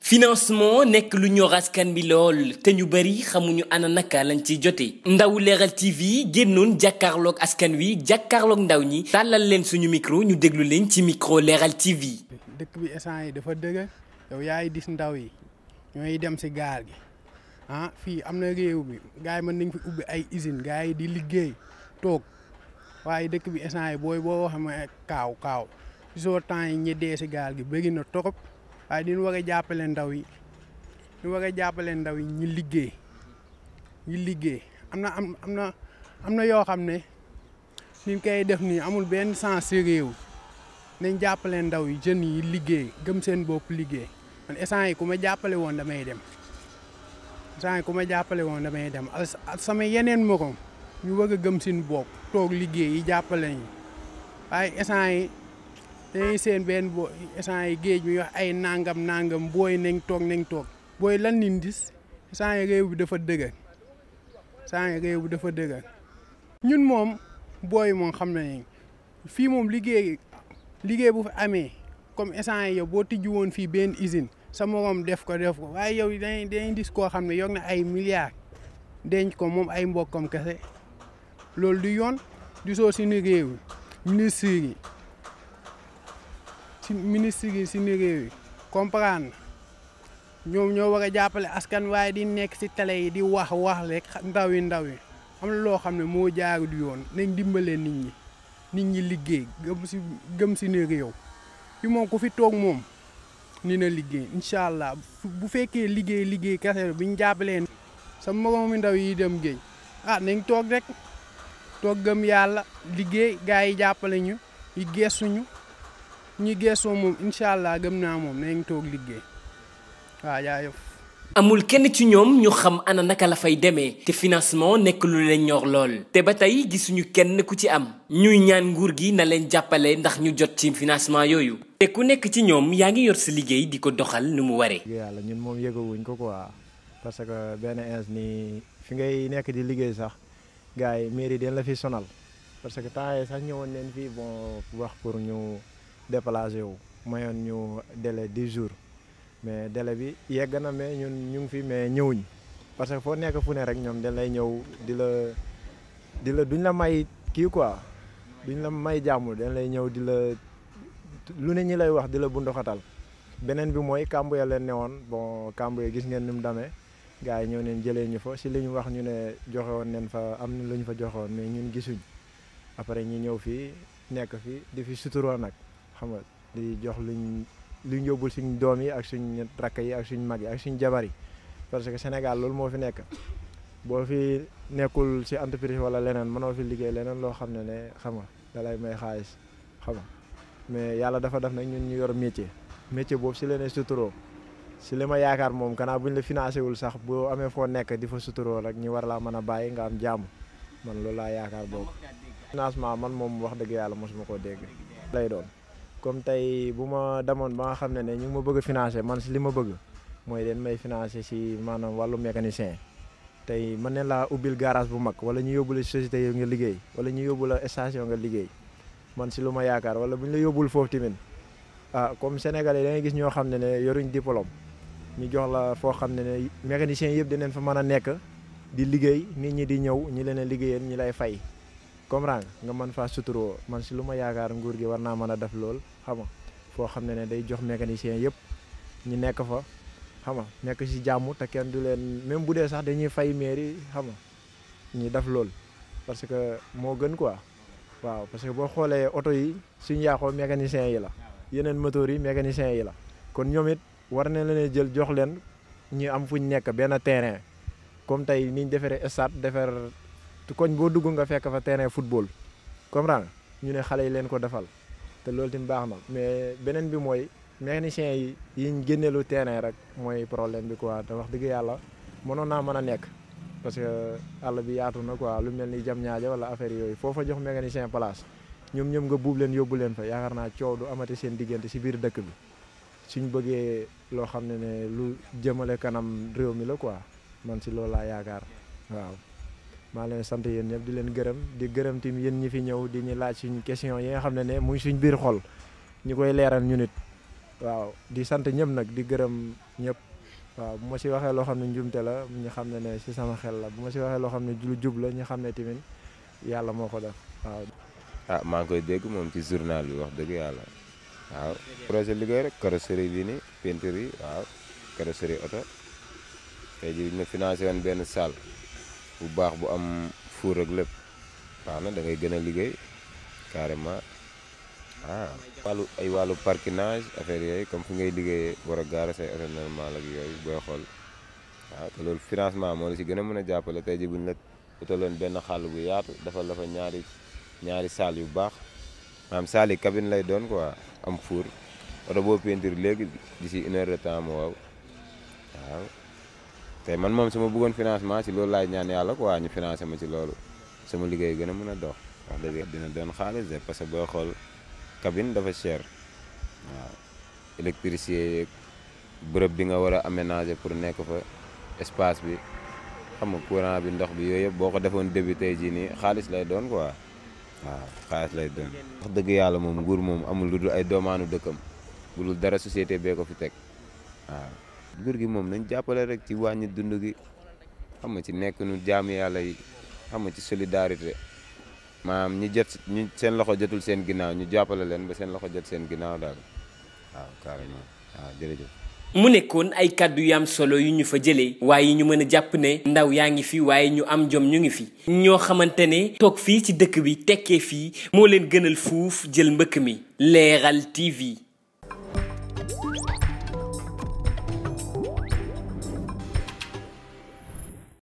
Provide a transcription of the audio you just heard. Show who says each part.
Speaker 1: financement nekk lu ñor askan bi lool te ñu bari xamuñu ana naka lañ ciy jote ndaw leeral tv génnoon jàkkaarloog askan wi jàkkaarloog ndaw ñi tàllal leen suñu mikro ñu déglu leen ci micro leeral tv
Speaker 2: dëkk bi essence yi dafa dëgg yow yaay gis ndaw yi ñooy dem si gaal gi ah fii am na réew bi gars mën nañ fi ubbi ay usine gars di liggéey toog waaye dëkk bi instant yi booy boo xam ne kaaw kaaw soo temps yi ñi dee si gaal gi bëri na torop waaye diñu war a jàppale ndaw yi ñu war a jàppale ndaw yi ñu liggéey ñu liggéey am na am am na am na yoo xam ne ni koy def nii amul benn sens si réew nañ jàppale ndaw yi jeunes yi liggéey gëm seen bopp liggéey man instant yi ku ma jàppale woon damay dem instant yi ku ma jàppale woon damay dem ak sama yeneen morom ñu wëgg a gëm sin bopp toog liggéey yi jàppale ñu waaye essant yi dañuy seen benn bo essant yi géej mi wax ay nangam nangam booy nañ toog nañ toog booy lan nin dis essant yi réew bi dafa dëgër essant yi réew bi dafa dëgër ñun moom booy moom xam nañ fii moom liggéey liggéey bu fi amee comme essant yi yow boo tijj woon fii benn usine sama morom def ko def ko waaye yow dañuy dañuy gis koo xam ne yoog na ay milliards denc ko moom ay mbokkam kase loolu du yoon du soo suñu réew yi ministre yi si ministre yi suñu ñoom ñoo war a jàppale askan waaye di nekk si télé yi di wax wax rek ndaw yi ndaw yi am na loo xam ne moo jaaru du yoon nañ dimbalee nit ñi nit ñi liggéey gëm si gëm si ni réew fi moom ku fi toog moom ni na liggéey incha allah bu fekkee liggéey liggéey kese bi ñu jàppalee sa moroom mi ndaw yi dem géej ah nañ toog rek toog gëm yàlla liggéey gars yi jàppale ñu ñu ñu geesoo moom incha allah gëm naa moom nañ toog liggéey waaw jaajëf.
Speaker 1: amul kenn ci ñoom ñu xam ana naka la fay demee te financement nekk lu leen ñor lool te ba tey gisuñu kenn ku ci am ñuy ñaan nguur gi na leen jàppale ndax ñu jot ci financement yooyu te ku nekk ci ñoom yaa ngi yor sa liggéey di ko doxal nu mu waree.
Speaker 3: yàlla ñun moom yëgawuñ ko quoi parce que benn ins ni fi ngay nekk di liggéey sax. gars yi mairie de la fi sonal parce que temps yii sax ñëwoon neen fii bon wax pour ñu déplacer wu mayoon ñu délai di jours mais délai bi yegg na mais ñun ñu ngi fi mais ñëwuñ parce que foo nekk fu ne rek ñoom dañ lay ñëw di la di la duñ la may kii quoi duñ la may jàmm dañ lay ñëw di la lu ne ñi lay wax di la bundoxatal beneen bi mooy kàmb ya leen woon bon kàmb ya gis ngeen ni mu demee. gars yi ñoo neen jëlee ñu fa si lu ñu wax ñu ne joxe woon neen fa am na lu ñu fa joxoon mais ñun gisuñ après ñu ñëw fii nekk fii di fi suturoo nag xam nga di jox luñ luñ yóbbul suñ doom yi ak suñ rakk yi ak suñ mag yi ak suñ jabar yi parce que Sénégal loolu moo fi nekk boo fi nekkul si entreprise wala leneen mënoo fi liggéey leneen loo xam ne ne xam nga lay may xaalis xam nga mais yàlla dafa def nag ñun ñu yor métier métier boobu si leneen suturoo si li ma yaakaar moom kanaa bu ñu la financé wul sax boo amee foo nekk di fa suturoo rek ñu war laa mën a bàyyi nga am jàmm man loolu laa yaakaar boobu. financement man moom wax dëgg yàlla mosuma koo dégg. lay doon comme tey bu ma demoon ba nga xam ne ne ñu ngi ma bëgg a man si li ma bëgg mooy den may financé si maanaam wàllu mécanicien tey mën ne laa ubbil garage bu mag wala ñu yóbbu la société yi nga liggéey wala ñu yóbbu la station nga liggéey man si lu ma yaakaar wala bu ñu la yóbbul foofu tamit ah comme sénégal da ngay gis ñoo xam ne ne yoruñ diplôme. ñu jox la foo xam ne ne mécanicien yëpp dinañ fa man a nekk di liggéey nit ñi di ñëw ñi leen a liggéeyal ñi lay fay comprendre nga mën faa suturoo man si lu ma yaakaar nguur gi war naa mën a def lool xama foo xam ne ne day jox mécanicien yëpp ñu nekk fa xam nga nekk si jàmm te kenn du leen même bu dee sax dañuy fay mairie xam nga ñi def lool parce que moo gën quoi waaw parce que boo xoolee oto yi suñu yaaxoo mécanicien yi la yeneen moteur yi mécanicien yi la war na leen jël jox leen ñu am fu ñu nekk benn terrain comme tey niñ defaree stade defar koñ boo dugg nga fekk fa terrain football comprendre ñu ne xale yi leen ko defal te loolu tamit baax na mais beneen bi mooy mécaniciens yi yiñ lu terrain rek mooy problème bi quoi te wax dëgg yàlla mënoon naa mën a nekk parce que àll bi yaatu na quoi lu mel ni jam ñaaja wala affaire yooyu foo jox mécanicien place ñoom ñoom nga buub leen yóbbu leen fa yaakaar naa coow du amati seen diggante si biir dëkk bi suñ bëggee loo xam ne ne lu jëmale kanam réew mi la quoi man si loolu laa yaakaar waaw maa leen sant yéen ñëpp di leen gërëm di gërëm tim yéen ñi fi ñëw di ñu laaj suñu question yi xam ne ne muy suñ biir xol ñu koy leeral ñu nit waaw di sant ñëpp nag di gërëm ñëpp waaw bu ma si waxee loo xam ne njumte la ñu xam ne ne si sama xel la bu ma si waxee loo xam ne lu jub la ñu xam ne tamit yàlla moo ko def waaw
Speaker 4: ah maa ngi koy dégg moom ci journal bi wax dëgg yàlla waaw projet liggéey rek carrosserie bi ni peinture yi waaw carrosserie oto tey jii ñu financé woon benn salle bu baax bu am four ak lépp baax na da ngay gën a liggéey carrément ah ay wàllu parkinage affaire yooyu comme fi ngay liggéeyee war a gaare say oto normal ak yooyu booy xool waaw te loolu financement moo la si gën a mën a jàppale tey jii bu ñu la utaloon benn xàll bu yaatu defal la ñaari ñaari salle yu baax maanaam saali cabine lay doon quoi am four oto boo peinture léegi d'ici une heure de temps mu waaw te man moom su ma bëggoon financement si loolu laay ñaan yàlla quoi ñu financé ma ci loolu sama liggéey gën a mën a dox wax dëgg dina doon xaalis de parce que boo xool cabine dafa cher waaw électricien yeeg bërëb bi nga war a aménager pour nekk fa espace bi xam nga courant bi ndox bi yooyu yëpp boo ko defoon début tey jii nii xaalis lay doon quoi. waaw xaalis lay doon wax dëgg yàlla moom nguur moom amul lu dul ay doomaanu dëkkam bu dara société bee ko fi teg waaw nguur gi moom nañ jàppale rek ci wàññi dund gi xam nga ci nekk nu jaam yàlla yi xam ci solidarité maanaam ñi jot ñu seen loxo jotul seen ginnaaw ñu jàppale leen ba seen loxo jot seen ginnaaw daal waaw carrément jërëjëf
Speaker 1: mu nekkoon ay kàddu yaam solo yu ñu fa jëlee waaye ñu mën a jàpp ne ndaw yaa ngi fi waaye ñu am jom ñu ngi fi ñoo xamante ne toog fii ci dëkk bi tekkee fii moo leen gënal fuuf jël mbëkk mi Leral TV